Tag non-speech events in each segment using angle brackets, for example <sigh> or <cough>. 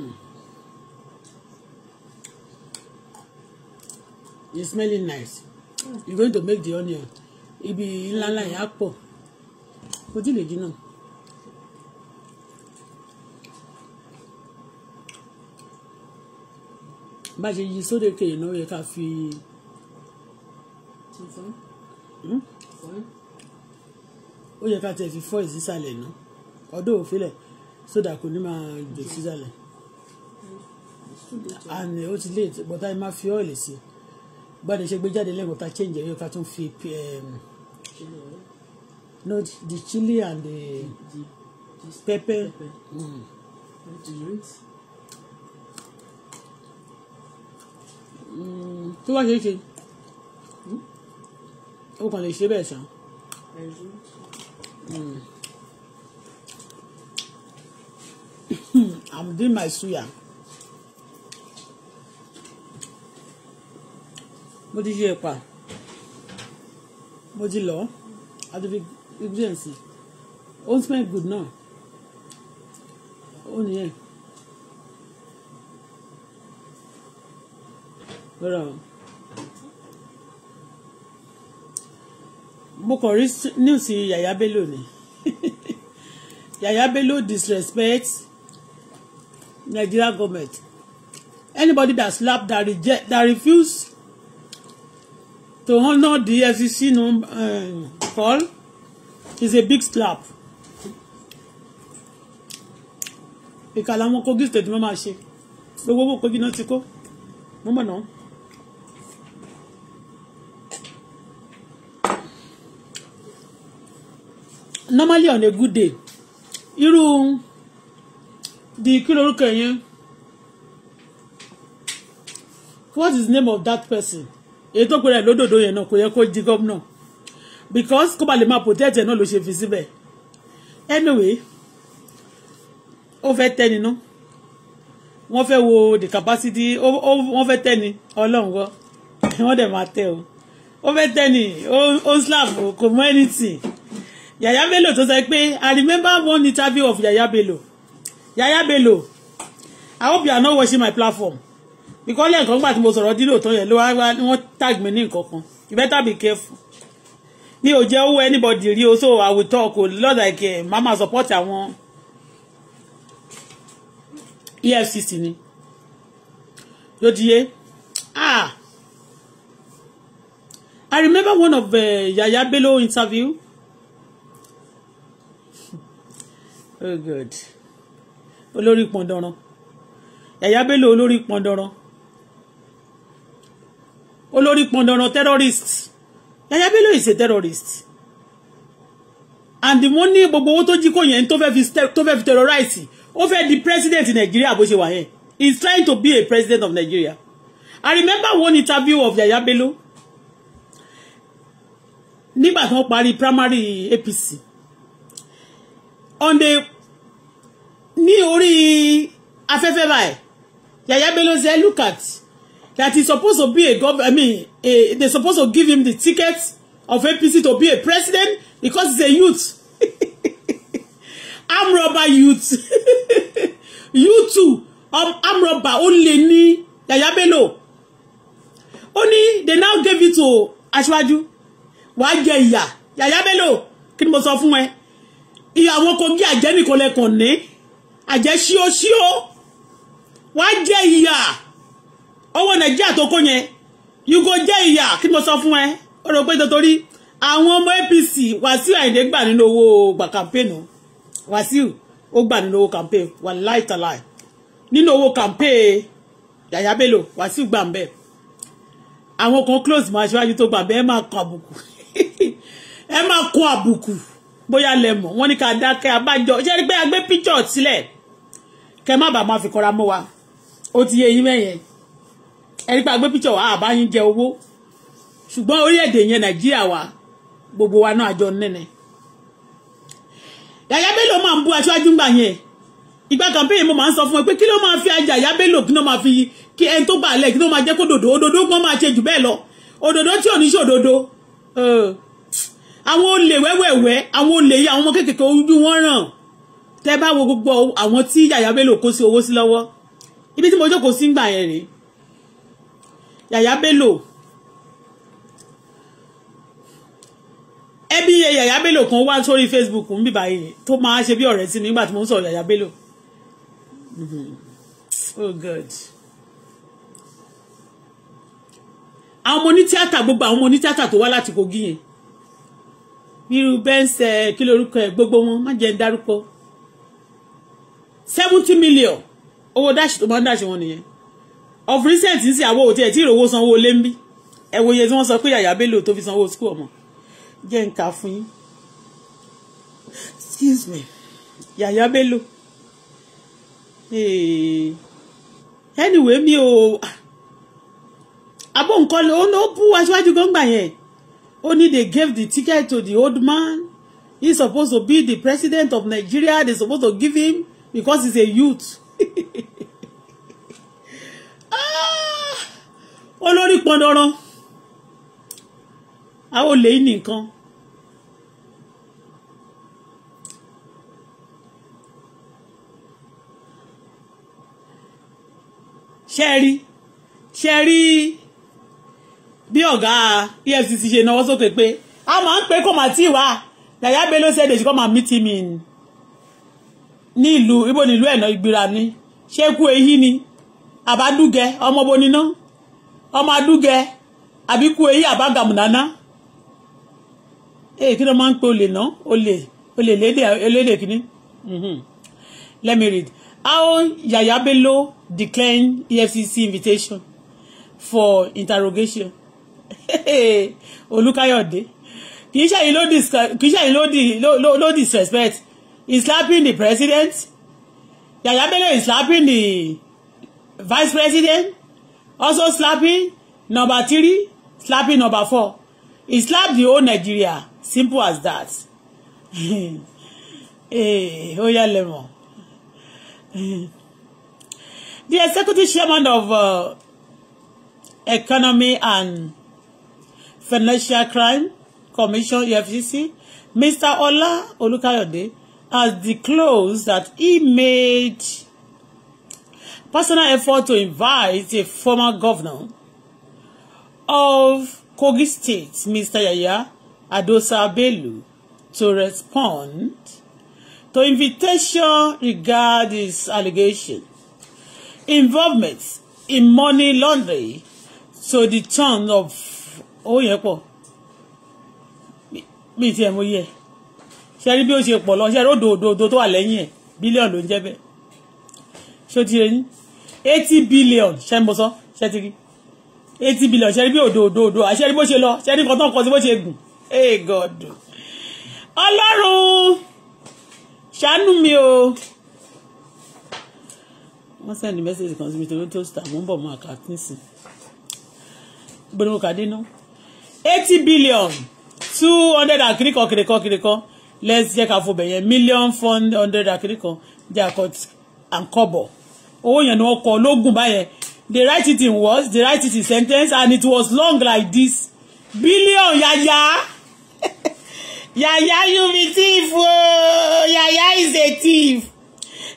Mm. It's smelling nice. Mm. You're going to make the onion. Ibi be ńlá yẹn á pọ̀. Ojú lè jìnnà. Bá a ṣe yí sódèké yìí náà yẹ ká fi. Hmm? Ó yẹ ká tẹ̀ fi fọ́ ìsísàlẹ̀ náà. Ọdún òfin lẹ̀ sódà kò ní máa jò sísàlẹ̀ and ó ti late but a máa fi ọ́ọ̀lì sí gbọ́dọ̀ ṣe gbé jáde lẹ́gbọ̀n ta change ẹ̀yọ́ ká tún fi um, no the chili and the, the, the pepper. pepper. Mm. tó bá ṣe é ṣe ó kàn lè ṣe bẹ́ẹ̀ mm. sàn. <coughs> I'm doing my suya. mo ti ṣe ẹ̀pà mo ti lọ àti fi ingredients ó ń smell good náà ó nìyẹn lọ́ra o. mo kàn rí news Yaya Bello ni <laughs> Yaya Bello disrespect Nigeria government anybody that slap that reject that refuse to honor the FCC e number uh, call is a big slap. ìka làwọn Kogi state máa ma ṣe gbogbo owó Kogi náà ti kó mo mọ̀ náà. normally on a good day irú di kí lorúkọ yẹn what is the name of that person èyí tó pèrè lódòdó yẹn náà kò yẹ kó jí gómìnà because kó ba lè máa protect ẹ̀ náà ló ṣe fi síbẹ̀ anyway ó fẹ́ tẹ́ni ná wọ́n fẹ́ wo the capacity wọ́n fẹ́ tẹ́ni ọlọ́run wọ́ <laughs> wọ́n dẹ̀ máa tẹ́ o ó fẹ́ tẹ́ni ó ń slap kò mọ anything Yaya Bello tó sọ pé I remember one interview of Yaya Bello Yaya Bello I hope you are not watching my platform because lẹ́ẹ̀kan gbà tí mo sọ̀rọ̀ dílò tán yẹn ló wá wọ́n tag mi ní nǹkan kan you better be careful mi ò owó anybody rí o so I will talk o lord like ẹ̀ eh, má support àwọn EFCC ni ló ti yé ah I remember one of uh, Yaya Bello interview <laughs> oh good olórí pọ̀ndọ̀ràn Yaya Bello olórí pọ̀ndọ̀ràn olórí pọndanran terrorist Yaya Bello is a terrorist and the money gbogbo owó tó jí kò yẹn tó fẹ́ fi tó terrorize ó fẹ́ di president Nigeria bó ṣe wà yẹn he is trying to be a president of Nigeria I remember one interview of Yaya Bello nígbà tó parí primary APC on the ní orí afẹ́fẹ́ báyìí Yaya Bello say look at that he's supposed to be a governor, I mean, a, they're supposed to give him the ticket of APC to be a president because he's a youth. I'm <laughs> rubber youth. <laughs> you too. Um, I'm rubber only ni Yaya Bello. Only they now gave it to Aṣíwájú. Wàá jẹ ìyà. Yaya Bello. Kí ni mo sọ fún ẹ? Ìyà wọn kò gí àjẹ́ nìkan owó nàìjíríà tó kó yẹn you go jẹ́ ìyà kí mo sọ fún ẹ ó rò pé nítorí àwọn ọmọ APC Wàsíù Àyìndé gbà nínú owó gbà campaign Wàsíù ó gbà nínú owó campaign wà láìtàláì nínú owó campaign Yàyà Bello Wàsíù gbà ń bẹ àwọn kan close máa ṣíwájú tó gbà bẹ ẹ máa kọ àbùkù <laughs> ẹ máa kọ àbùkù bóyá lẹ mọ̀ wọ́n ní ká dákẹ́ abájọ ṣé rí pé a gbé píjọ sílẹ̀ kẹ má bàa máa fi kọra mọ́ wa ó ti yé yín mẹyẹn ẹni pa gbé píṣọ wa àbá yín jẹ owó ṣùgbọ́n orílẹ̀-èdè yẹn nàìjíríà wa gbogbo wa náà àjọ nẹ́nẹ̀ Yàyà Bello máa ń bú aṣáájú ńgbà yẹn ìgbà campaign mo máa ń sọ fún ẹ pé kí ló máa fi ajá Yàyà Bello kí ló máa fi kí ẹni tó gbà lẹ̀ kí ló máa jẹ́ kó dòdò òdòdó gbọ́n máa ṣe jù bẹ́ẹ̀ lọ òdòdó tí ò ní ṣe òdòdó àwọn olè wẹ́wẹ́wẹ́ àwọn olè yìí àwọn ọmọ kéékèèké ojú wọn ràn tẹ́ bá wo gbogbo àwọn tí Yàyà Bello kó sí owó sí lọ́wọ́ ibi tí mo jókòó sí ńgbà yẹn rèé Yàyà Bello ẹbí Yàyà Bello kan wá sórí Facebook ń bì báyìí tó máa ṣe bí ọ̀rẹ́ sí mi nígbà tí mo ń sọ̀rọ̀ Yàyà Bello mm-hmm. oh God àwọn ọmọ onítíátà gbogbo àwọn ọmọ onítíátà tó wá láti Kogi yẹn irú bẹ́ńsẹ̀ kí lorúkọ ẹ̀ gbogbo wọn má jẹ́ ń dárúkọ seventy million owó dáṣì tó máa ń dáṣì wọn nìyẹn of recent ń sìn àwọn òtí ẹ̀ tí ìrówó sanwó lé ń bí ẹ wo iye tí wọ́n sọ pé yàyà bello tó fi sanwó school ọmọ jẹ́ ń kà fún yín excuse me yàyà bello hey. anyway mi ò abó ah. nǹkan ló ló bú aṣáájú gbọ́ngbà yẹn ó ní they gave the ticket to the old man He supposed to be the president of Nigeria they supposed to give him because he's a youth <laughs> Ah! olórí pọn dandan àwọn olè yìí nìkan ṣe rí ṣe rí bí ọ̀gá EFCC ṣe náwó sókè pé a máa ń pé kò máa tí wá Yaya Bello said she come and meet him in ní ìlú ibo nílùú ẹ̀ náà ìgbìrà ni ṣé kú èyí ni àbádúgẹ ọmọ ọmọ adúgẹ àbíkú eyí àbágàmùnáná èyí eh, kí ló máa ń pe olè ná olè olè lédè elédè kínní mhm. let me read how Yaya Bello decline EFCC invitation for interrogation <laughs> Olúkáyọ̀dé kì í ṣàyìn ló kì í ṣàyìn ló disrespect is slapping the president Yaya Bello is slapping the vice president also slapping number three slapping number four he slapped the whole Nigeria simple as that hey, oya lemon the executive chairman of uh, economy and financial crime commission EFCC Mr. Ola Olukayode has disclosed that he made personal effort to invite a former governor of Kogi State, Mr. Yaya Adosa Bello, to respond to invitation regarding his allegation involvement in money laundering to the tune of oyepo oh, mi ti ẹ mo yẹ ṣe rí bí ó ṣe pọ̀ lọ ṣe rí òdòdó tó wà lẹ́yìn ẹ̀ bílíọ̀nù ló ń jẹ́ bẹ́ẹ̀ ṣó ti yẹ yín eighty billion ṣe ń bọ sọ ṣe ti rí eighty billion ṣe rí bí òdo òdo òdo àṣẹ rí bó ṣe lọ ṣe rí nǹkan kọ sí bó ṣe gùn hey god ọlọ́run ṣàánú mi o wọ́n send message kan sí mi torí tó star mo ń bọ̀ mọ́ àkàtún sí gbogbo kàdé náà eighty billion two hundred and kiri kan kiri kan kiri kan let's check àfọbẹ̀yẹn million four hundred and kiri kan jẹ́ àkọ́bọ̀ owó yẹn ni wọ́n kọ lógùn báyẹn they write it in words they write it in sentence and it was long like this billion yaya <laughs> yaya you be thief ooo oh. yaya is a thief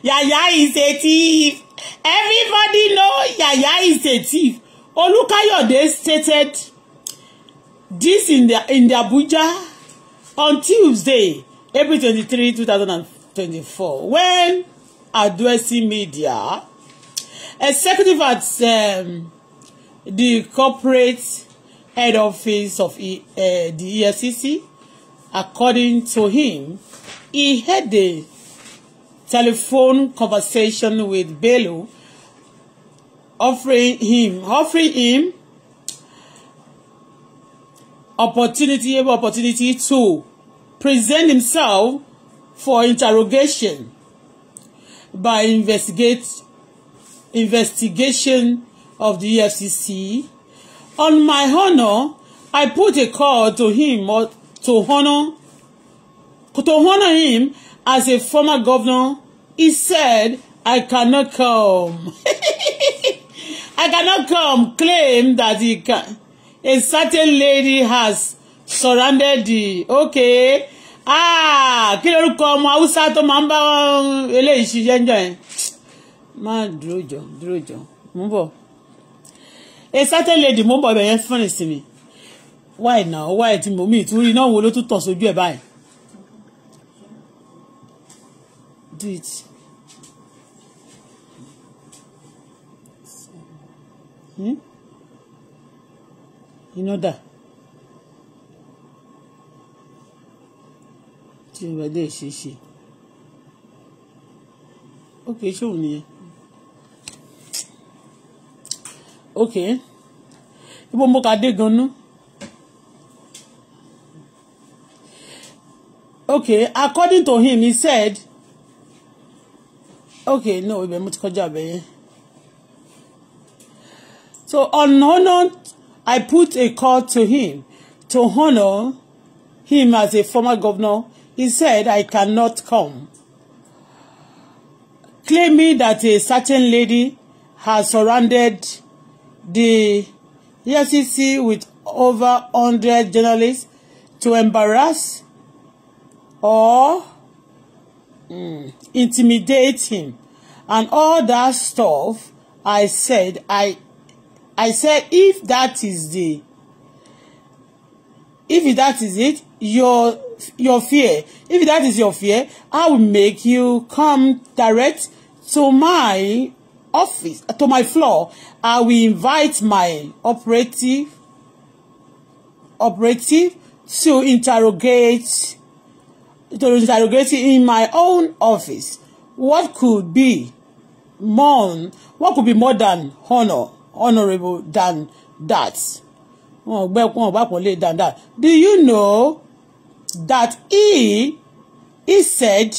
yaya is a thief everybody know yaya is a thief olukayode stated this in the in the abuja on tuesday april twenty-three two thousand and twenty-four when addressing media executive at um, the corporate head office of e, uh, the EFCC. According to him, he had a telephone conversation with Bello, offering him offering him opportunity opportunity to present himself for interrogation by investigate investigation of the EFCC. On my honor, I put a call to him or to honor to honor him as a former governor. He said, I cannot come. <laughs> I cannot come claim that he can. A certain lady has surrounded the okay. Ah, kí lorúkọ ọmọ Haúsá tó máa ń bá um, eléyìí ṣiṣẹ́ ń jọ yẹn má dúró jọ dúró jọ mú bọ̀ a certain lady mú bọ̀ ibẹ̀ yẹn fún ìsìn mi why now why tí mo mi ìtúrí náà wo ló tún tọ̀ sójú ẹ̀ báyìí do it. Hmm? iná dà tí ìrọ̀lẹ́ ṣe ṣe ó kì í ṣòun nìyẹn. okay ibo mo ka dé ganan okay according to him he said okay no ibẹ̀ mo ti kọjá ibẹ̀ yẹn so on honor I put a call to him to honor him as a former governor he said I cannot come claiming that a certain lady has surrounded the EFCC with over 100 journalists to embarrass or mm, intimidate him and all that stuff I said I I said if that is the if that is it your your fear if that is your fear I will make you come direct to my office, uh, to my floor, I will invite my operative, operative to interrogate, to interrogate in my own office. What could be more, what could be more than honor, honorable than that? wọn gbẹ wọn bá kàn lè dáadáa do you know that he he said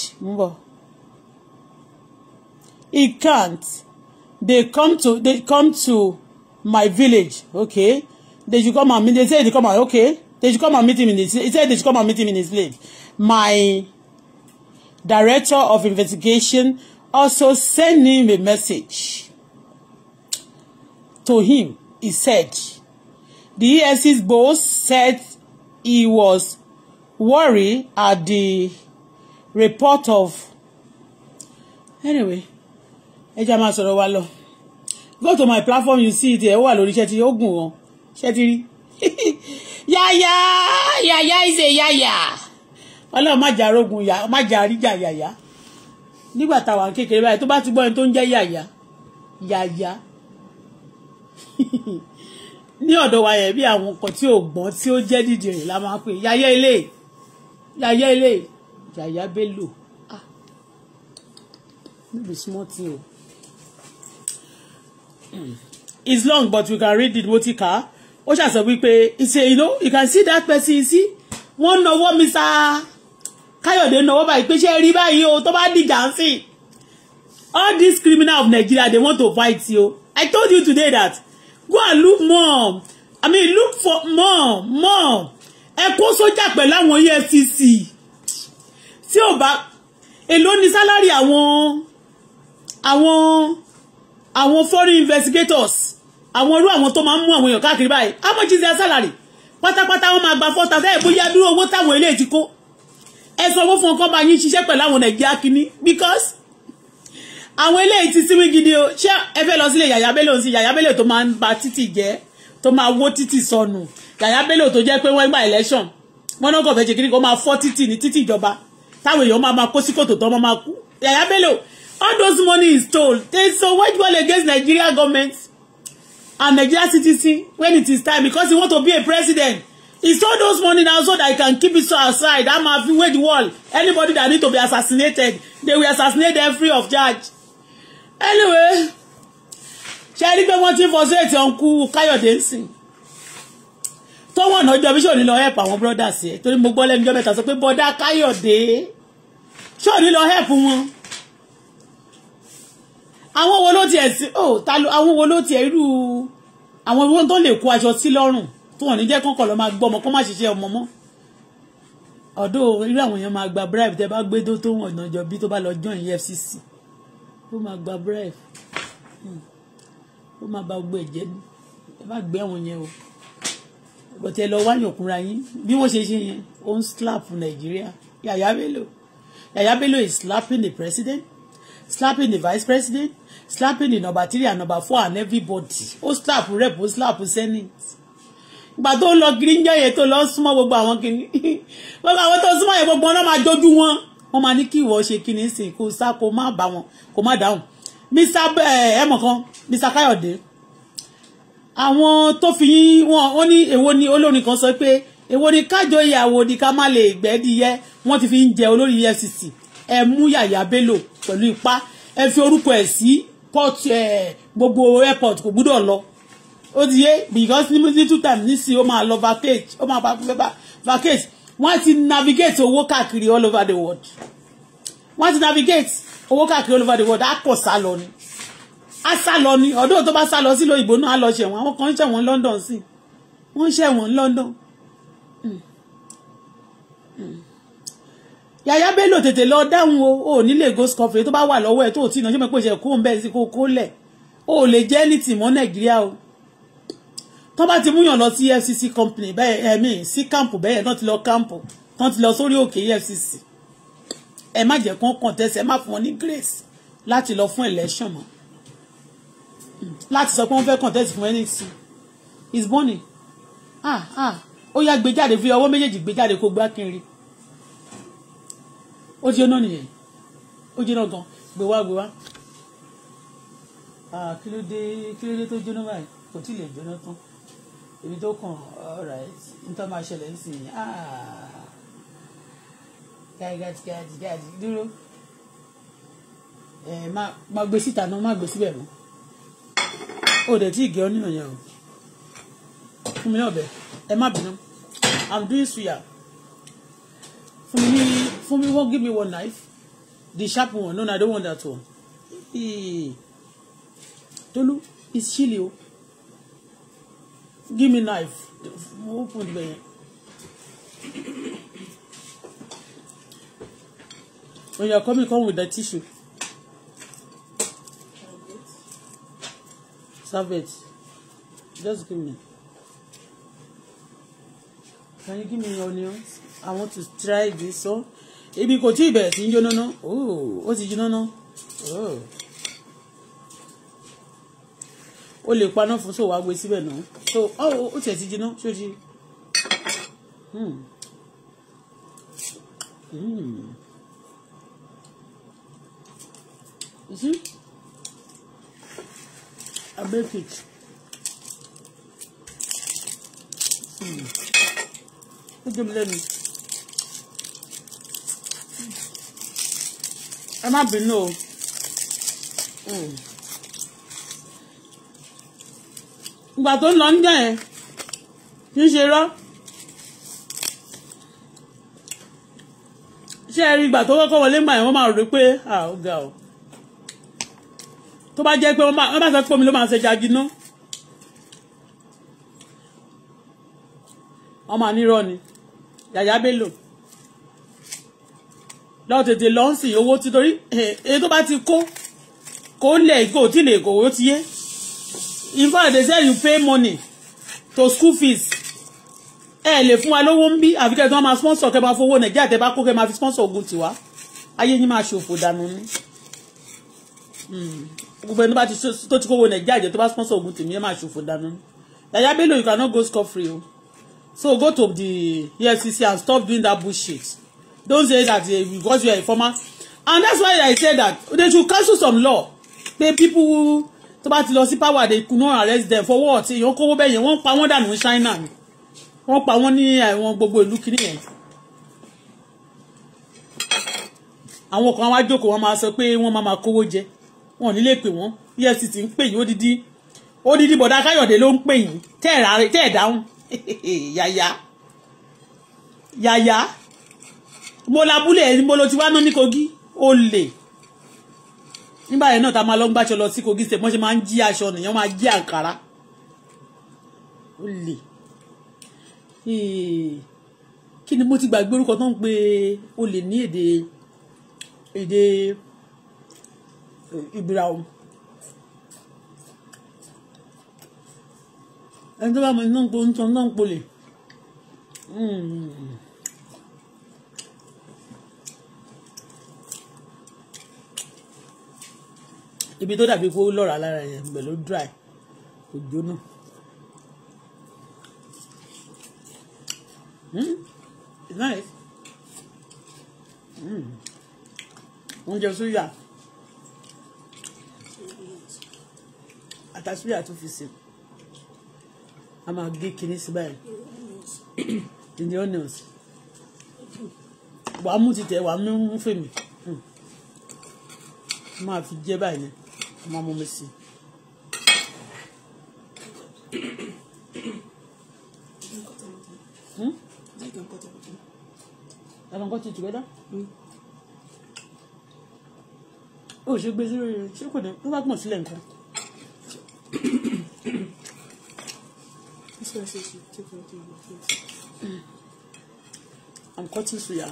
he can't they come to they come to my village okay they should come and meet they say they come and okay they should come and meet him in his he said they should come and meet him in his village my director of investigation also sent him a message to him he said the EFC's boss said he was worried at the report of anyway ẹ jẹ́ máa sọ̀rọ̀ wa lọ go to my platform you see it ẹ wà lórí iṣẹ́ tí ó gùn wọn ṣẹ́ ti rí yáyá yáyá ìṣe yáyá ọlọ́run má jà rogun yá má jà ríjà yáyá nígbà táwa kékeré báyìí tó bá ti gbọ́ ẹni tó ń jẹ́ yáyá yáyá <laughs> ní ọ̀dọ̀ wa yẹn bí àwọn nǹkan tí ò gbọ́n tí ó jẹ́ dídì rẹ̀ la máa ń pè yáyá ilé yáyá ilé yáyá bello ah níbi small thing o it's long but we can read it mo ti kà á ó ṣàṣọ wípé ìṣe you know you can see that person you see wọ́n nọwọ́ Mr. Káyọ̀dé nọwọ́ báyìí pé ṣé rí báyìí o tó bá dìjà ń all these criminals of Nigeria they want to fight you I told you today that go and look more I mean look for more more ẹ kó sójà pẹ̀lú àwọn EFCC tí ò bá èló ni sálárì àwọn àwọn àwọn foreign investigators àwọn irú àwọn tó máa ń mú àwọn èèyàn káàkiri báyìí how much is pátápátá wọn máa gba fọ́ta fẹ́ẹ̀ bóyá dúró owó táwọn eléyìí ti kó ẹ sọ owó fún ọkọ bá yín ṣiṣẹ́ pẹ̀lú àwọn nàìjíríà kínní because àwọn eléyìí ti sinmi gidi o ṣé ẹ fẹ́ lọ sílé yàyà bélò sí yàyà bélò tó máa ń ba títì jẹ́ tó máa wó títì sọnù yàyà bélò tó jẹ́ pé wọ́n gba election wọn náà kàn fẹ́ ṣe kí ni kó máa fọ́ títì ní títì ìjọba táwọn èèyàn máa máa kó sí tó máa máa kú yàyà bélò all those money is stolen they so wage war against Nigeria government and Nigeria citizen when it is time because he want to be a president he stole those money now so that he can keep it so aside that man fit wage war anybody that need to be assassinated they will assassinate them free of charge anyway ṣe rí pé wọ́n ti fọ́sẹ̀tì ọ̀nkú káyọ̀dé ń sìn tó wọ̀nà ọjọ́ bí ṣòní lọ help àwọn brothers ẹ̀ torí mo gbọ́ lẹ́nu ọjọ́ mẹ́ta sọ pé bọ́dá káyọ̀dé ṣòní lọ help wọn àwọn wo ló tiẹ̀ sí ò oh, ta ló àwọn wo ló tiẹ̀ irú àwọn owó tó lè kó aṣọ sí lọ́rùn tó wọ́n ní jẹ́ kọ́kọ́ lọ́ọ́ máa gbọ́ ọmọ kó má ṣiṣẹ́ ọmọ mọ́ ọ̀dọ́ irú àwọn èèyàn máa gba bribe tẹ́ bá gbé tó tó wọn ọ̀nà jọ bí tó bá lọ join EFCC ó máa gba bribe hmm. ó máa ba gbogbo ẹ̀jẹ̀ ní ẹ bá gbé àwọn yẹn o bọ̀tẹ́ lọ wáyàn kúnra yín bí wọ́n ṣe ṣe yẹn ó ń slap Nàìjíríà Yàyà Bello Yàyà Bello is slapping the president slapping the vice president slapping the number three and number four and everybody ó slap rep ó slap senate ìgbà tó lọ kiri ń jẹyẹ tó lọ súnmọ́ gbogbo àwọn kiri <laughs> gbogbo àwọn tó súnmọ́ yẹn gbogbo wọn máa jójú wọn wọn máa ní kí ìwọ ṣe kí ni sìn kó sá kó má bá wọn kó má dáhùn mr eh, ẹmọ kan mr káyọ̀dé àwọn tó fi yín wọn ó ní èwo ni olórin kan sọ pé èwo ni kájọ ìyàwó ni ká má lè gbẹ́dìyẹ wọ́n ti fi ń jẹ olórí efcc ẹ mú yàyà bello pẹ̀lú ipá ẹ fi orúkọ ẹ̀ sí port gbogbo airport kò gbúdọ̀ lọ ó ti yé because ní little time nísìnyí ó máa lọ vacate ó máa bá vacate wọ́n ti navigate owó káàkiri all over the world wọ́n ti navigate owó káàkiri all over the world á kọ̀ sá lọ ni á sá lọ ni ọ̀dọ́ tó bá sá lọ sí lóyìnbó náà á lọ ṣẹ̀wọ̀n àwọn kan ń ṣẹ̀wọ̀n London sí wọ́n ń ṣẹ̀wọ̀n London. Mm. Yàyà Bello tètè lọ dáhùn o ò ní Lagos conference tó bá wà lọ́wọ́ ẹ̀ tó tí ì náà ṣé mo pè ṣe kó ń bẹ́ẹ̀ sí kó kó lẹ̀ o ò lè jẹ́ anything mọ́ Nàìjíríà o tó bá ti múyàn lọ sí EFCC company bẹ́ẹ̀ ẹ̀mí sí kámpù bẹ́ẹ̀ náà ti lọ kámpù tán ti lọ sórí òkè EFCC ẹ má jẹ́ kán contest ẹ má fún wọn ní grace láti lọ fún election mọ́ láti sọ pé wọ́n fẹ́ contest fún nxt is burning ah ah ó yá gbé jáde fi ọwọ́ méjèèjì gbé jáde kó gbá kiri ó jẹ́ náà nìyẹn ó jẹ́ náà gan gbé wá gbé wá kí ló dé kí ló dé tó jóná báyìí kò tí ì lè jóná tán èmi tó kàn ọ̀rọ̀ ẹ̀ nítorí máa ṣẹlẹ̀ ń sìn gàdìgàdìgàdì dúró ẹ̀ má gbé síta náà má gbé síbẹ̀ mọ́ ó dẹ̀ tí ì gé ọ nínú yẹn o fún mi náà bẹ̀ ẹ má bínú i'm doing suya fún mi ní. For me, one give me one knife the sharp one no no, i don't want that one hey. Tolu it's chilly, oh. give me knife open the bẹyẹn when you are coming come with the tissue servette just give me. Can you give me onions? I want to try this one. Oh ebi kò tí ì bẹ̀rẹ̀ sí í jóná ná ó ti jóná ná ó lè paná fún sòwò agbe síbẹ̀ náà so ó tiẹ̀ ti jóná ṣóṣì. Hmm. Hmm. You see? I bake it. Mm. Put ẹ má bínú o. Hmm. ìgbà tó ń lọ ń jẹ́ yẹn kì í ṣe rọ́. ṣé ẹ rí ìgbà tó kọ́kọ́ wọlé gbà yẹn wọ́n máa rò pé ó ga o tó bá jẹ́ pé wọ́n bá sọ pé omi ló máa ṣe jaginá wọ́n máa ni yàyà bello lọ tètè lọ ń sìn owó títorí eh, èyí tó bá ti kó kó lẹ̀ kó tí lè kó owó tiye in fact they say you pay money to school fees ẹ lè fún wa lówó ń bí àfikẹ́ tí wọ́n máa sponsor kẹ́ máa fowó nàìjíríà tẹ́ bá kó kẹ́ máa fi sponsor ogun tiwa ayé yín máa ṣòfò dànù ni hmm. gbogbo ẹni tó ti kówó nàìjíríà jẹ tó bá sponsor ogun tèmi yẹn máa ṣòfò dànù ni Yaya Bello you cannot go scot free o so go to the EFCC and stop doing that bullshit don't say that eh, because you are a former and that's why I say that they should cancel some law pé people who tó bá ti lọ sí power they could not arrest them for what èèyàn kówó bẹ́ẹ̀ yẹn wọ́n pa wọ́n dànù ní China ni wọ́n pa wọ́n ní àwọn gbogbo ìlú kiri yẹn àwọn kan wá jókòó wọn máa sọ pé wọ́n máa máa kówó jẹ wọn ò ní lè pè wọ́n EFCC ń pè yín odidi odidi bọ̀dá Káyọ̀dé ló ń pè yín tẹ́ ẹ̀ dáhùn yàyà <laughs> yàyà mo labúlé ẹ̀ mo lo ti wá ná ní kogi ó lè nígbà yẹn náà ta máa lọ ń gbàṣọ lọ sí kogi state wọ́n ṣe máa ń jí aṣọ nìyẹn máa jí àǹkárá ó lè kí ni mo ti gbàgbé orúkọ tó ń pe olè ní èdè èdè ìbíra eh, o ẹni tó bá mọ iná ń po ń tan náà ń polè. Mm. ibi tó dàbí pé ó lọ́ra lára yẹn ibẹ̀ ló dry kò jóná. Mm, it's nice. Mm. Oúnjẹ súyà. Àtàsúyà tún fi sè. A máa gé kinní sí báyìí. <clears throat> In the onions. Wàá mú ti tẹ̀ wàá mú fèmí. Hmm. Máa fi jẹ́ báyìí mo máa mú mi sí i. Ẹ̀rọ nǹkan ti jù bẹ́ẹ̀ dá. Ó ṣe gbé sí rere ṣé kò ní ló bá gbọ̀n sílẹ̀ nǹkan. I'm cutting suya.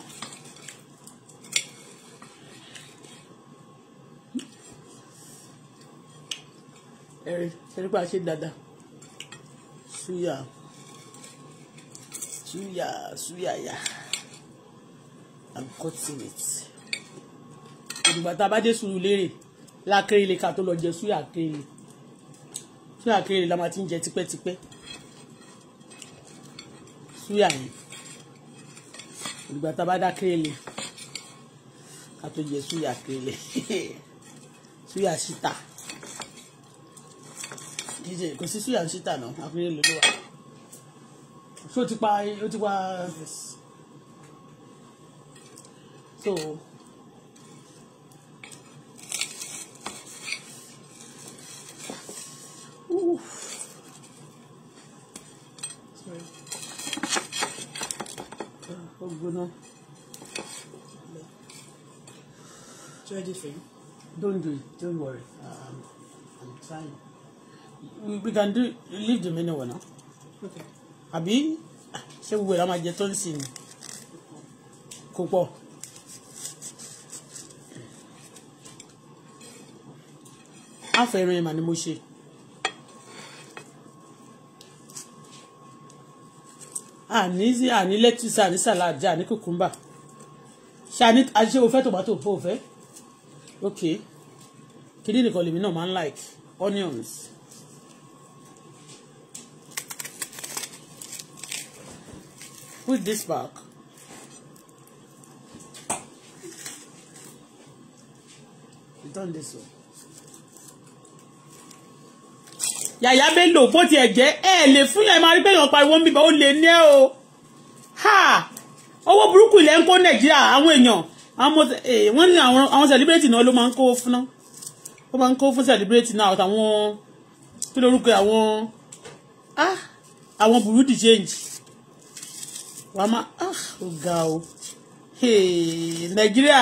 ẹ̀rí ṣẹ́rípa ṣe Dada. suya suya suya ya i'm cutting it ìdìgbà tá a bá dé sùúrù léèrè lákèrèlè ká tó lọ jẹ suya kèrèlè suya kèrèlè la máa ti ń jẹ tipẹ́tipẹ́ suya yìí ìdìgbà tá a bá dá kèrèlè ká tó jẹ suya kèrèlè <laughs> suya síta dj kò sí suya ṣíta náà àkúrẹ́ ló ló so ó ti pa ó ti pa so. Try this thing. Don't do it. Don't worry. Um, I'm trying we can do leave the menu wọn okay? Abi, say we will. máa jẹ tó ń Kupo. ní kò pọ̀. àfẹ́ràn ìmà ni mo ṣe. àní àní lẹ́tùsì àní sàláàdì àní kùkúmbà ṣe àní àṣẹ òfẹ́ tòmátò òfẹ́ ok kí ni nìkan lèmi náà like onions. put this back. Return this one. Yàyà Bello bó tiẹ̀ jẹ́ ẹ lè fún yàrá máa rí pé èèyàn pariwo ń bíbá ha lè o. Ha! Owó burúkú ilẹ̀ ń kó Nàìjíríà àwọn celebrity náà ló máa ń kówó celebrity náà àtàwọn kí lórúkọ ah, change. wàá máa ah ó ga o nàìjíríà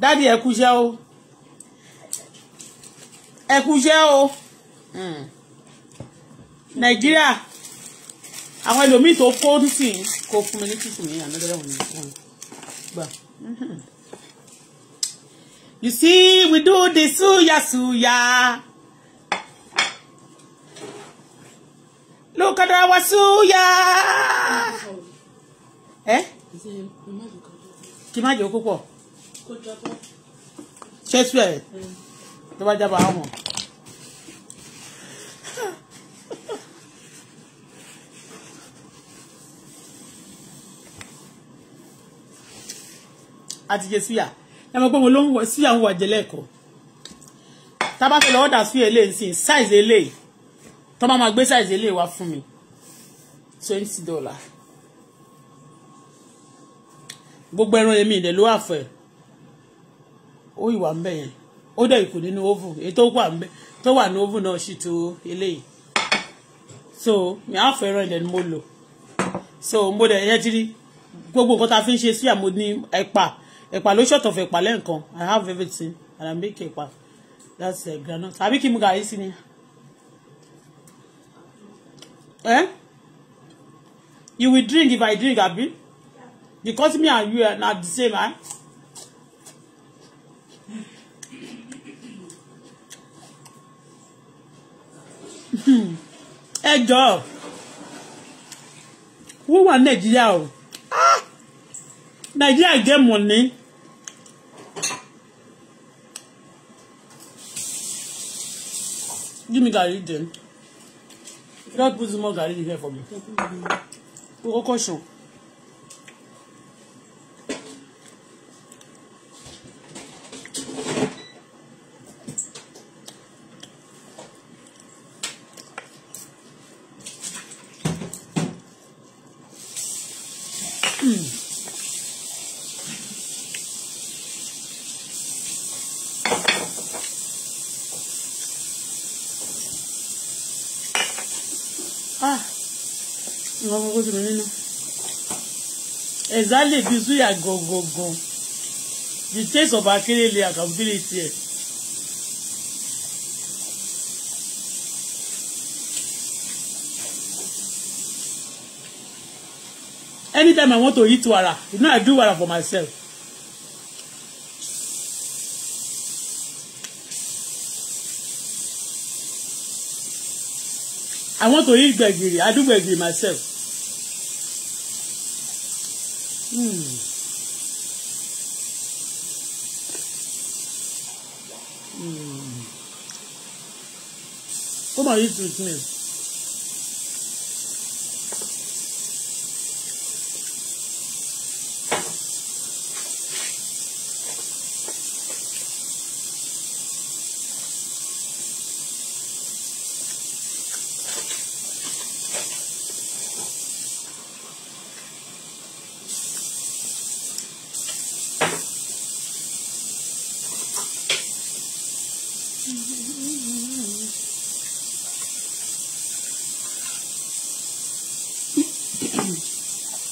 dáàdi ẹ kúṣẹ́ o ẹ kúṣẹ́ o hmm. nàìjíríà àwọn ẹlòmíì tó kó sí kó fún mi ní títù mi ànádọ́rẹ́ wọn ni gbà. Hmm. You see, we do the suya suya. Look at our suya ẹ kí má jẹ́ púpọ̀ ṣẹ́sù ẹ̀ tó bá jábọ̀ àwọn. àti jẹ súyà ẹ mọ̀ pé mo ló ń wọ súyà ń wọ àjẹ lẹ́ẹ̀kọ́ tá a bá fẹ́ lọ ọ́dà súyà eléyìí nsìn size eléyìí tó bá máa gbé size eléyìí wá fún mi twenty dollar gbogbo ẹran èmi ìdẹ̀ ló wà fẹ́ ó ìwà ń bẹ̀ yẹn ó dẹ̀ ìkù nínú oven èyí tó wà tó wà ní oven náà sì tó eléyìí so mi á fẹ́ ẹran ìdẹ̀ ni mo lò so mo dẹ̀ yẹn ti gbogbo nǹkan tá fi ń ṣe sí àmọ́ ní ẹ̀pà ẹ̀pà ló ṣọ̀tọ̀ fẹ̀ ẹ̀pà I have everything and I make ẹ̀pà that's uh, groundnut àbí kí mu gàrí sí ni. Eh? You will drink if I drink, abi? because me and you are not the same eh? ẹ jọ̀ọ́ wọ́n wà nàìjíríà o nàìjíríà get money. Give me garri then. Don't put more garri here for me. Ó kọ́kọ́ sàn. ah ìwọ gbogbo tó mi nínú exactly bí suya gangan the taste of akérèlé accountability ẹ. anytime I want to eat wara you know I do wara for myself. I want to eat gbẹ̀gìrì I do gbẹ̀gìrì myself. Hmm. Mm. Come on, eat with me.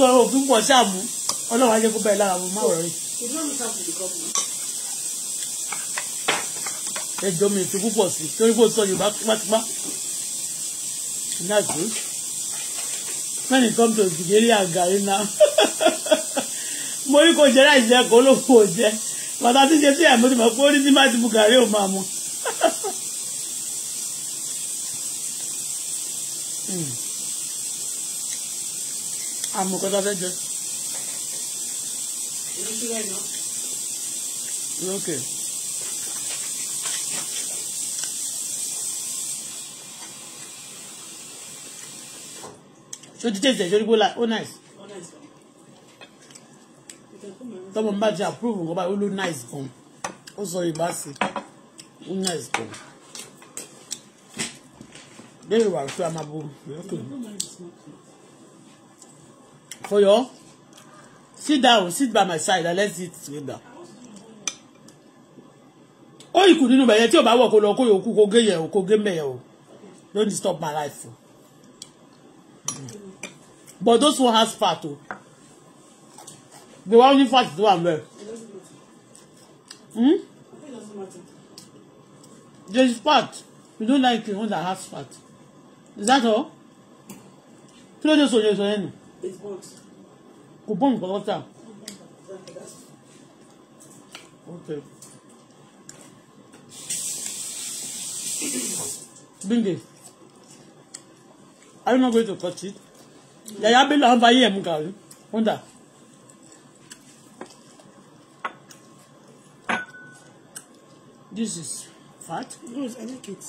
gan òfin pọ̀ ṣáàmù ọlọ́run ajé kó bẹ́ẹ̀ lára mo má wọ̀ rí. ẹjọ́ mi ti púpọ̀ sí torí kò sọ yorùbá tipátipá that's good when it come to nigeria gari now <laughs> mo rí kò jẹ́ láì jẹ́ kó ló kò jẹ́ bàtà tí ṣe tí àìmọ́ mọ̀ pé ó ní tí má ti bu gàrí ò máa mu. <laughs> Mm amọ̀kọ́tà fẹ́ jẹ. èyí tí wẹ́ẹ̀ náà. lókè. so títí ìṣẹ̀ṣẹ̀ orí gbólà ó nice tọ́mọ bá ti approve nǹkan báyìí ó ló nice gan ó sọ ìbá sí ó nice gan bẹ́ẹ̀ wà fún amabu lókè for your sit down sit by my side and let's eat together Oh, you couldn't know tí ò bá wọ̀ kó lọ kó yòókù kó gé yẹ̀wò don't disturb my life but those who has fat the one with fat is the one well hmm there is fat you don't like the one that has fat is that all Throw this dé sọ̀rọ̀ sọ̀rọ̀ ẹnu kò bọ́ nǹkan kan tà okay Bíngè are you not going to touch it yeah, bẹ́ẹ̀ lọ́wọ́ ayé ẹ̀ mú gàrí wọ́ndà. This is fat. Yes, I like it.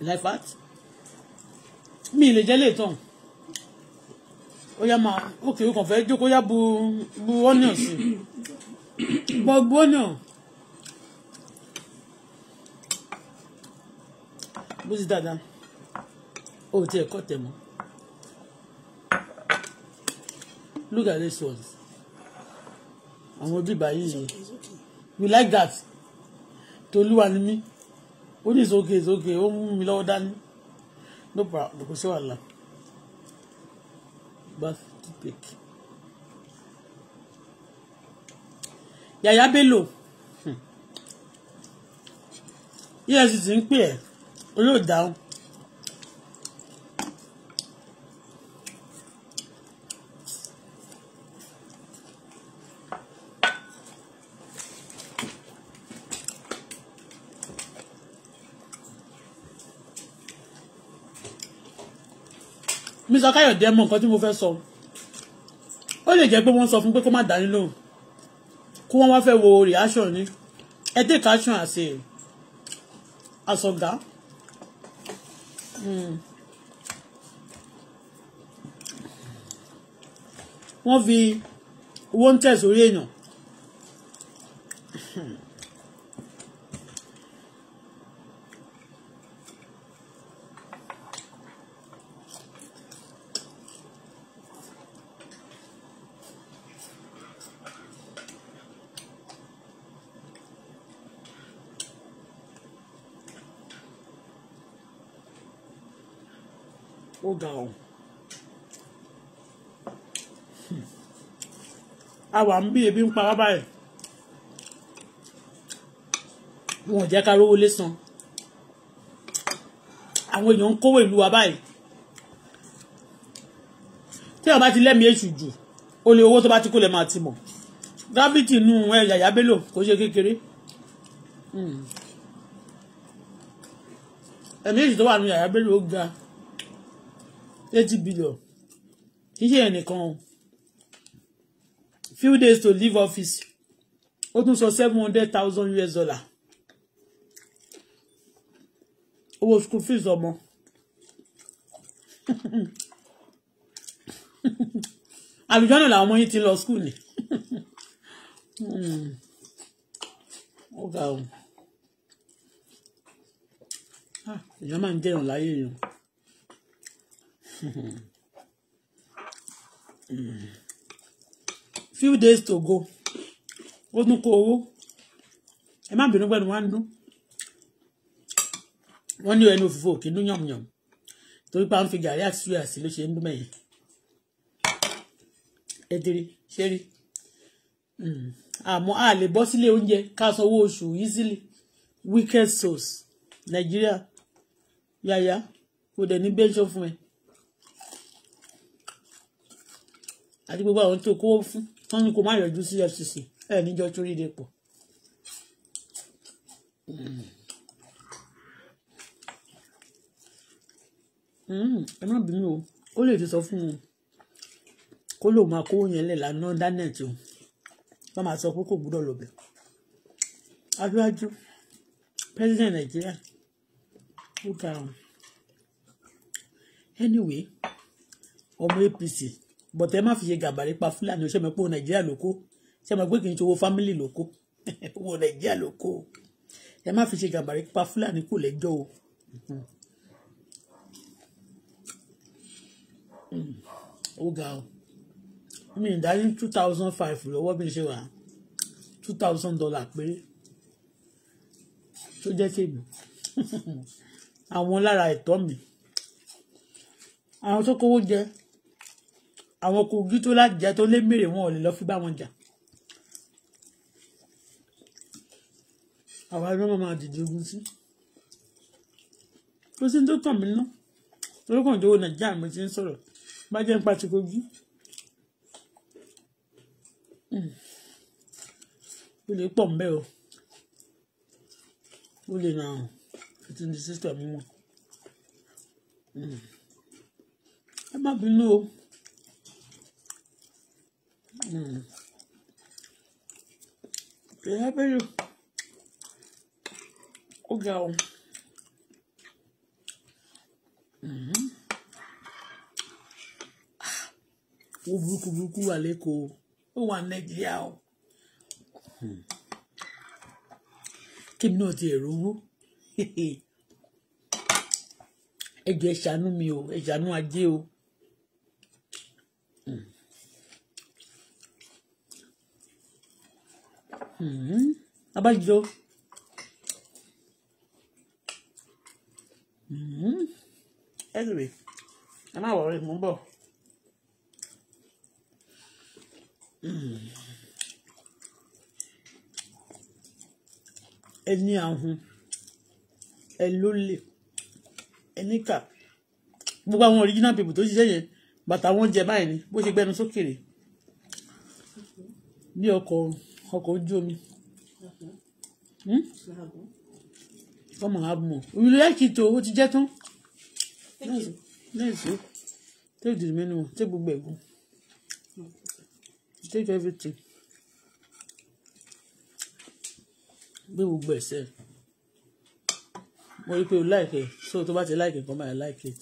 You like fat? Me, the jelly tongue ó yá máa òkè ó kàn fẹ́ jókòó yá bu bu onion sí bọ́ bu onion bó ti dáadáa ó ti ẹ̀kọ́ tẹ̀ mọ́ look at this one àwọn bíbá yìí ni you like that tolúwa ni mí ó ní it's okay it's okay ó mú mi lọ́wọ́ dání no problem kò sí wàhálà. Back back. Yàyà Bello. Hmm. EFCC ń pè ẹ́ olóòdáhùn. Mr Káyọ̀dé mọ nǹkan tí mo fẹ́ sọ ó lè jẹ́ pé wọ́n sọ fún pé kó má dání lóhùn kó wọ́n wá fẹ́ wo reaction ni ẹ dé káṣán àṣẹ àṣọgá wọ́n fi owó ń tẹ̀ sórí èèyàn. Hmm. gan o a wà ń bí ebi ń pa wá báyìí wọn ò jẹ́ ká rówó lé san àwọn èèyàn ń kówó ìlú wa báyìí tí wọn bá ti lẹ́mìí èṣù jù ó lè owó tó bá ti kó lè máa ti mọ̀ gravity inú ẹ̀ eh, yàyà bello kò ṣe kékeré hmm. ẹ̀mí èṣù tó wà nínú yàyà bello ó ga eighty billion kì í ṣe ẹnìkan o few days to leave office ó tún sọ seven hundred thousand US dollar owó school fees ọmọ <laughs> àlùjọ náà làwọn ọmọ yìí ti lọ school ni hmm. ó ga o ah, èèyàn máa ń jẹun láyé yìí <laughs> few days to go ó tún kó owó ẹ má bínú pẹ̀lú wá ń dún wọ́n ní ẹnu òfìfo òkè ń yànmùyàn torí pa ń fi gàrí àti suya sí ló ṣe ń dún mẹ́yìn ẹdiri ṣẹ́rí hmm. àmọ́ a lè bọ́ sílé oúnjẹ ká sanwó oṣù easily wicked souls Nigeria yàyà kò dẹ̀ ní bẹ́ńṣọ́ fún ẹ. àti gbogbo àwọn tó kówó fún wọn ní kó má yọjú sí FCC ẹ níjọ tó rí de pọ̀. Hmm, ẹ má bínú o ó lè ti sọ fún un kó lóun máa kówó yẹn lẹ̀ lánàá dánẹ̀tì o wọ́n máa sọ pé kò gbúdọ̀ lọ bẹ̀. aṣáájú Nàìjíríà ó ga ọ anyway ọmọ APC but ẹ má fi ṣe gàbàrí pa fúlàní o ṣe mọ̀ pé owó nàìjíríà ló kó ṣe mọ̀ pé kì í ṣe owó fámìlì ló kó <laughs> owó nàìjíríà ló kó ẹ má fi ṣe gàbàrí pa fúlàní kò lẹ́jọ́ o. Hmm. ó ga o mi ì dání two thousand five lọ́wọ́ bí n ṣe wà two thousand dollar péré tó jẹ́ tèmi <laughs> àwọn lára ẹ̀tọ́ mi àwọn tó kówó jẹ àwọn Kogi tó lájà tó lé mèrè wọn ò lè lọ fi bá wọn jà àwa ni wọn máa dìde ogun sí kó sí ní tó kàn mí ná lórúkọ ìjọwọ nàìjíríà mi ti ń sọ̀rọ̀ bá jẹ́ nípa ti Kogi hmm. ó lè pọ̀ mbẹ́ o ó lè nà án ètò sísítọ̀ mímọ́ ẹ má bínú o. Mm. Kìí hábẹ́lú. Ó ga o. Mm-hmm. Ó burúkú burúkú wà lẹ́kọ̀ọ́. Ó wà Nàìjíríà o. Kí ni náà ti èrò owó? <laughs> Ẹ jẹ́ ṣàánú mi o, ẹ ṣàánú ajé o. Mm-hmm. abájọ. Mm-hmm. anyway ẹ má wọrí mú bọ̀. Mm-hmm. ẹni àhùn ẹ ló lè ẹni kà gbogbo àwọn original people tó ṣiṣẹ́ yẹn bàtà wọn jẹ báyìí ni bó ṣe gbẹnu sókè rè bí ọkọ̀ ọ̀run ọkọ̀ ojú omi. Hmm? Come and have more. We like it o, oh, ó ti jẹ́ tán. Nice o. Eh? Take the remaining one, take gbogbo ẹ̀gún. Take everything. Gbé gbogbo ẹ̀ sẹ́ẹ̀. Mo rí pé o like it, so tó bá ti like it, come I like it.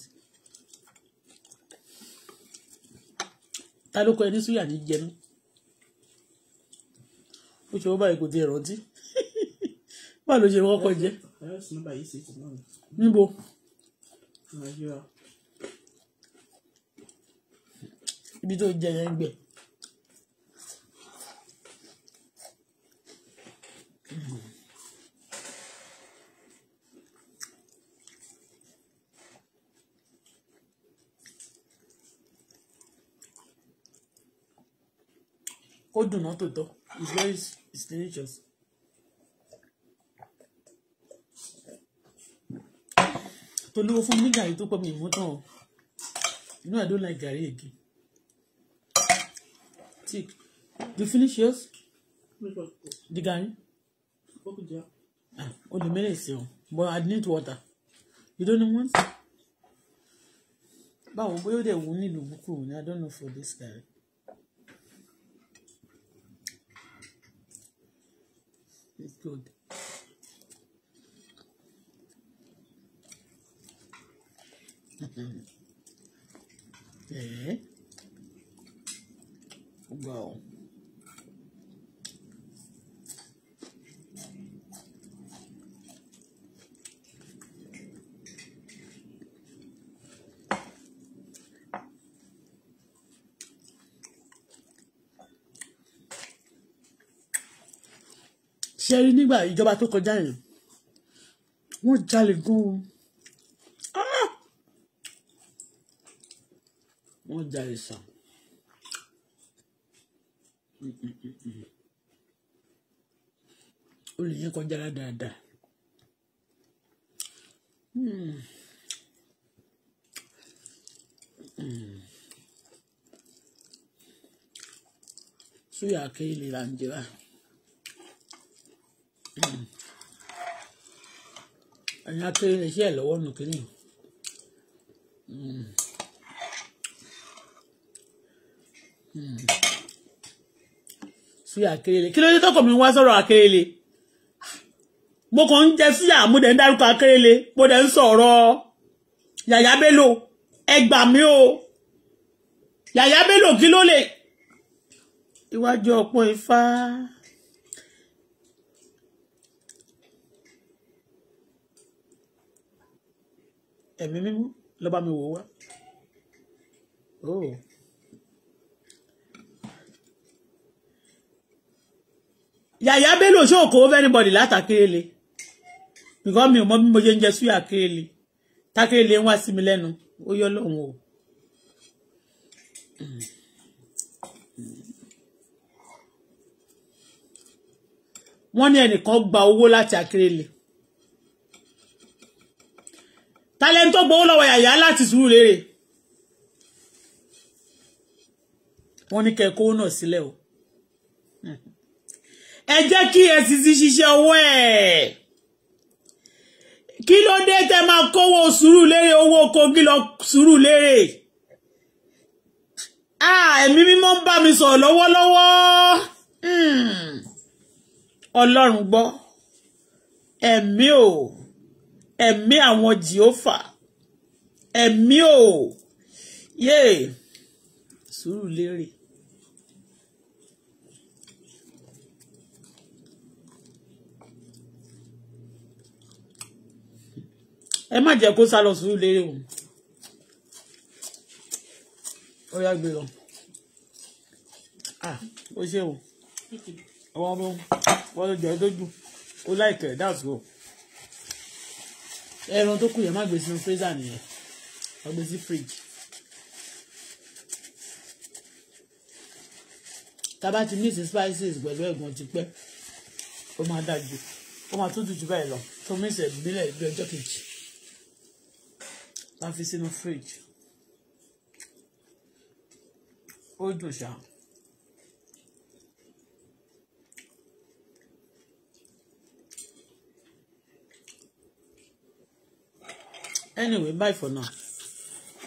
Ta ló kọ ẹni súyà ní jẹun? ó ṣe wọ́n báyìí kò tiẹ̀ rántí <laughs> báà ló ṣe kọ́kọ́ jẹ́. níbo. ibi tó jẹ yẹn ń gbẹ. ó dùn náà tòótọ́. It's very, it's delicious. To know for me, I took me motor. You know, I don't like garri again. Tick. Do you finish yours? The garri? Ah, only minutes, yo. But I need water. You don't want? Báwo bóyá ó there. We need búkú ni I don't know for this guy. is good. yeah. <laughs> Well. ṣe rí nígbà ìjọba tó kọjá yẹn wọ́n jalè gan-an ah! wọ́n jalè sàn. olè yẹn kọjá dáadáa. Hmm. Hmm. suya akẹ́ ilé là ń jẹ báyìí ẹ̀yin akéré ní iṣẹ́ ẹ̀ lọ́wọ́ nù kínní suya akérèlé kí ló dé tọkọ mi wá sọ̀rọ̀ akérèlé mo kàn ń jẹ suya mo dẹ̀ ń dárúkọ akérèlé mo dẹ̀ ń sọ̀rọ̀ yàyà bello ẹ belo, mí le, yàyà bello kí ló lè iwájú ọpọ́n ifá. ẹ̀mí mímú ló bá mi wò wá. Oh. yàyà bello ṣòkò everybody látàkéèlé because mi ò mọ bí mo ṣe ń jẹ súyà kéèlé tákéèlé ń wá sí mi lẹ́nu ó yọ lóhùn o. wọ́n ní ẹnìkan gba owó láti akérèlé tàlẹ́ni tó gbowó lọ́wọ́ yàyà láti sùúrù lérè wọ́n ní kẹ́ kówó náà sílẹ̀ o ẹ jẹ́ kí EFCC ṣiṣẹ́ owó ẹ̀ kí ló dé tẹ́ máa kówó sùúrù lérè owó kogi lọ sùúrù lérè ah, ẹ̀mí mímọ́ ń bá mi sọ̀rọ̀ lọ́wọ́lọ́wọ́ hmm. ọlọ́run gbọ́ ẹ̀mí o ẹ̀mí àwọn jehova ẹ̀mí o yé sùúrù lérè. ẹ má jẹ́ kó sá lọ sùúrù lérè o ó yá gbé lọ ah ó ṣe o ọwọ́ ọmọ wọn ló jẹ́ lójú ó láìkẹ̀ dáàsù o ẹran tó kù yẹn má gbé sínú freezer nìyẹn wọ́n gbé sí fridge. tábà ti mix spices pẹ̀lú ẹ̀gùn ti pẹ́ ó máa dájú ó máa tútù jù báyìí lọ tó mix ẹ̀ bílẹ̀ bí ọjọ́ kejì wọ́n fi sínú fridge ó dùn ṣáà. anyway bye for now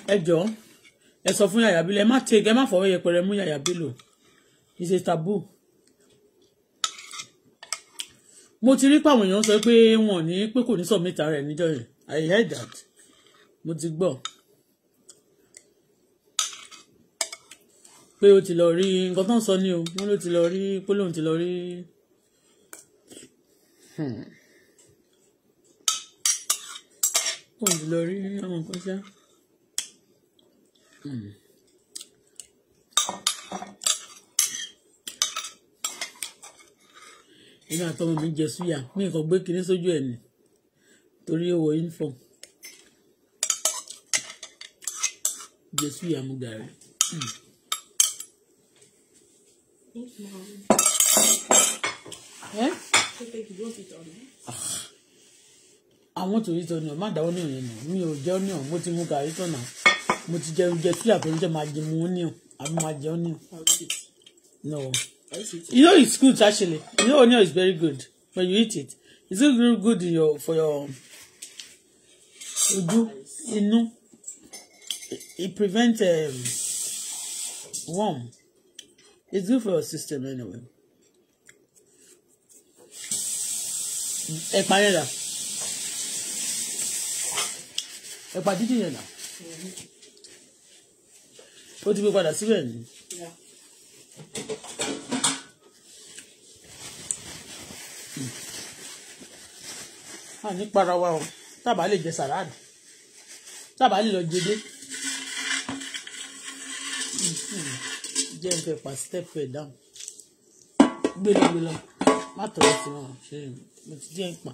ẹ jọ ẹ sọ fún Yaya Bello ẹ má take ẹ má fọwọ́ yẹpẹrẹ mú Yaya Bello it's a taboo mo ti rí pàwọn èèyàn sọ pé wọn ní pé kò ní sọ mẹ́ta rẹ níjọ yìí i heard that mo ti gbọ́ pé o ti lọ rí nǹkan tó ń sọ ni o wọn ló ti lọ rí pé lóun ti lọ rí. Hmm. wọn ti lọ rí àwọn kan ṣá. Hmm. èmi àtọmọ mi jẹ súyà mí nǹkan gbé kinní sójú ẹ ni torí ó wọ uniform jẹ súyà mú gàrí. Hein? Je fais du bon, c'est toi. I want to eat onion má dáwọ́ ní òye nù mi ò jẹ onion mo ti mú gàrí tán náà mo ti jẹ oúnjẹ tí àpèjẹ máa jẹ mu onion àbí máa jẹ onion no you know it's good actually you know onion is very good when you eat it it's very good in your for your ojú inú it prevents um, worm it's good for your system anyway. Ẹ̀pà yẹn dà. ẹ̀pà dídì yẹn nà ó ti gbé padà síbẹ̀ ni. a ní para wa o tábà lè jẹ sàràdì tábà lè lọ jẹdé jẹ́ nǹkan ẹ̀pà step ẹ̀ down gbélégbélé má tọrọ sí wọn ṣe mo ti jẹ́ ẹ̀pà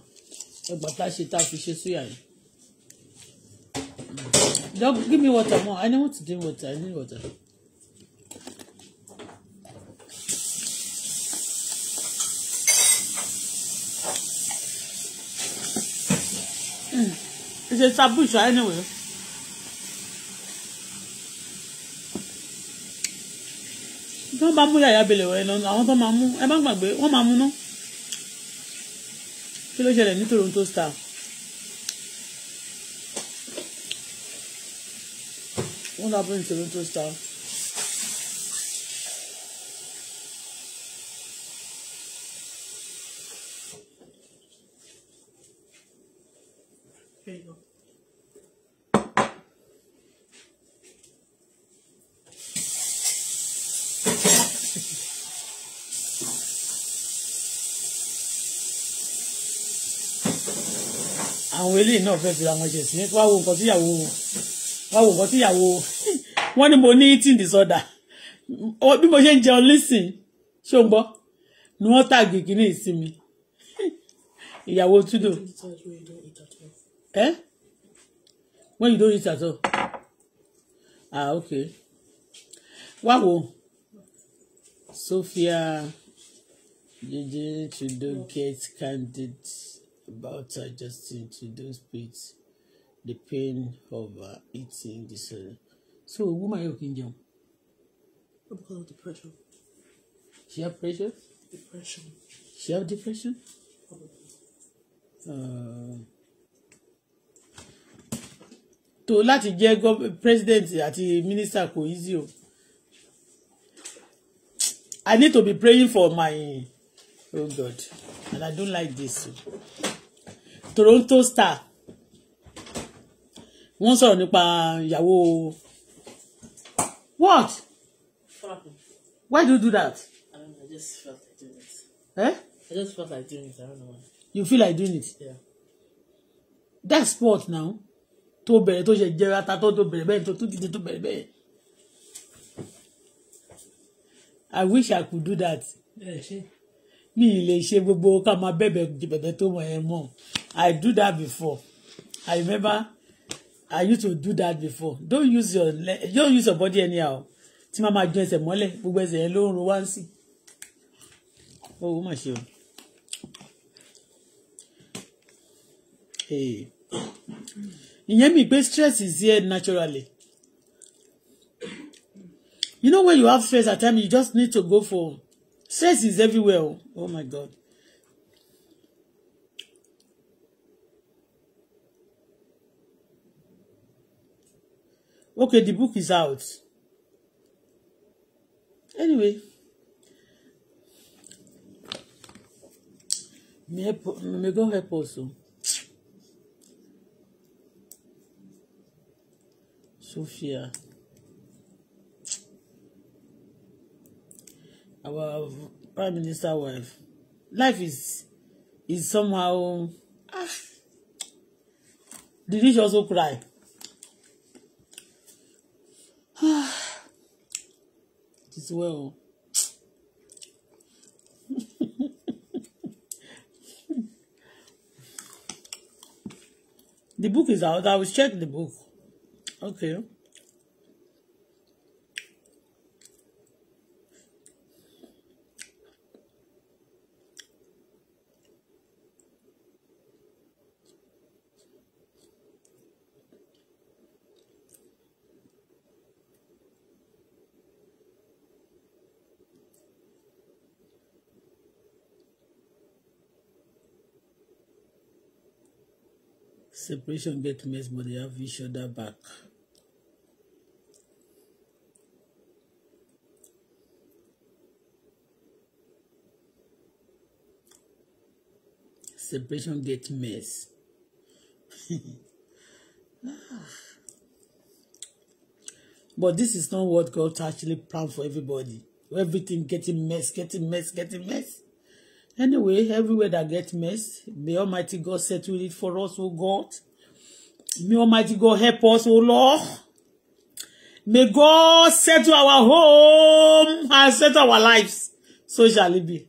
ẹ̀pà tá a ṣe tá a fi ṣe súyà yìí. Don't give me water more. I don't want to drink water. I need water. Mm. It's a sabucha anyway. Don't bá mú yàyà belẹ̀ wẹ̀ lọ́nà àwọn tó máa mú ẹ bá gbàgbé No. máa mú ná kí ló ṣẹlẹ̀ Toronto Star. won't happen in Toronto Star. There you go. àwọn eléyìí náà fẹ́ fi àwọn ẹ̀jẹ̀ sí nípa wo nǹkan tíyàwó wá wò nǹkan tíyàwó <laughs> wọ́n ní mo ní eating disorder bí mo ṣe ń jẹun lísìn ṣó ń gbọ́ ni wọ́n tàgì kíní ìsinmi <laughs> ìyàwó túdò ẹ when you don't eat at all eh? ah okay wá wò Sophia jeje to don get candid about adjusting to those speech the pain of uh, eating this. Uh, so who yóò kí looking jẹun. What because of depression. She have pressure. Depression. She have depression. Uh, let láti jẹ́ president the minister kò easy I need to be praying for my oh God and I don't like this. Toronto star wọ́n sọ̀rọ̀ nípa ìyàwó what why do you do that. I don't know, I just felt like doing it. Eh? I just felt like doing it. I don't know You feel like doing it. Yeah. That sport now tó bẹ̀rẹ̀ tó ṣe jẹra ta tó tó bẹ̀rẹ̀ bẹ́ẹ̀ tó tó dìde tó bẹ̀rẹ̀ bẹ́ẹ̀. I wish I could do that. Mi ì lè ṣe gbogbo ká máa bẹ̀bẹ̀ bẹ̀bẹ̀ tó mọ̀ ẹ́ mọ̀. I do that before. I remember I used to do that before. Don't use your don't use your body anyhow. Tí màá máa jọ ẹsẹ̀ mọ́lẹ̀ gbogbo ẹsẹ̀ yẹn ló ń ro wá sí. Owó mà ṣe o. Ìyẹn mi pé stress is here naturally. You know when you have stress at times you just need to go for stress is everywhere o. Oh my God. Okay, the book is out. Anyway, may, help, may God help us. Oh. Sophia. Our prime minister wife. Life is is somehow ah. Did she also cry? it is well. <laughs> the book is out. I will check the book. Okay. Separation get mess, but they have each other back. Separation get mess, <laughs> But this is not what God actually planned for everybody. Everything getting mess, getting mess, getting mess. Anyway, everywhere that gets mess, may Almighty God settle it for us, oh God. May Almighty God help us, oh Lord. May God settle our home and settle our lives. So shall it be.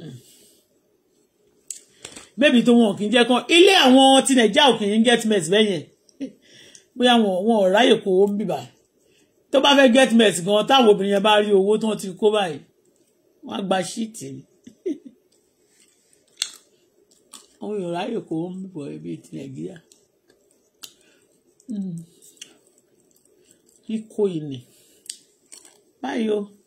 Hmm. Maybe tó wọn kì í jẹ́ kan ilé àwọn ti Nàìjíríà ò kì í get mess bẹ́yẹn. Bóyá wọn wọn ò ráyè kó o ń bìbà. Tó bá fẹ́ get mess gan táwọn obìnrin yẹn bá rí owó tí wọ́n ti kó báyìí, wọ́n á gba ṣíìtì ni. àwọn èèyàn ráyè kó ń bọ̀ ẹbí ti nàìjíríà ikó hmm. ìní báyìí o.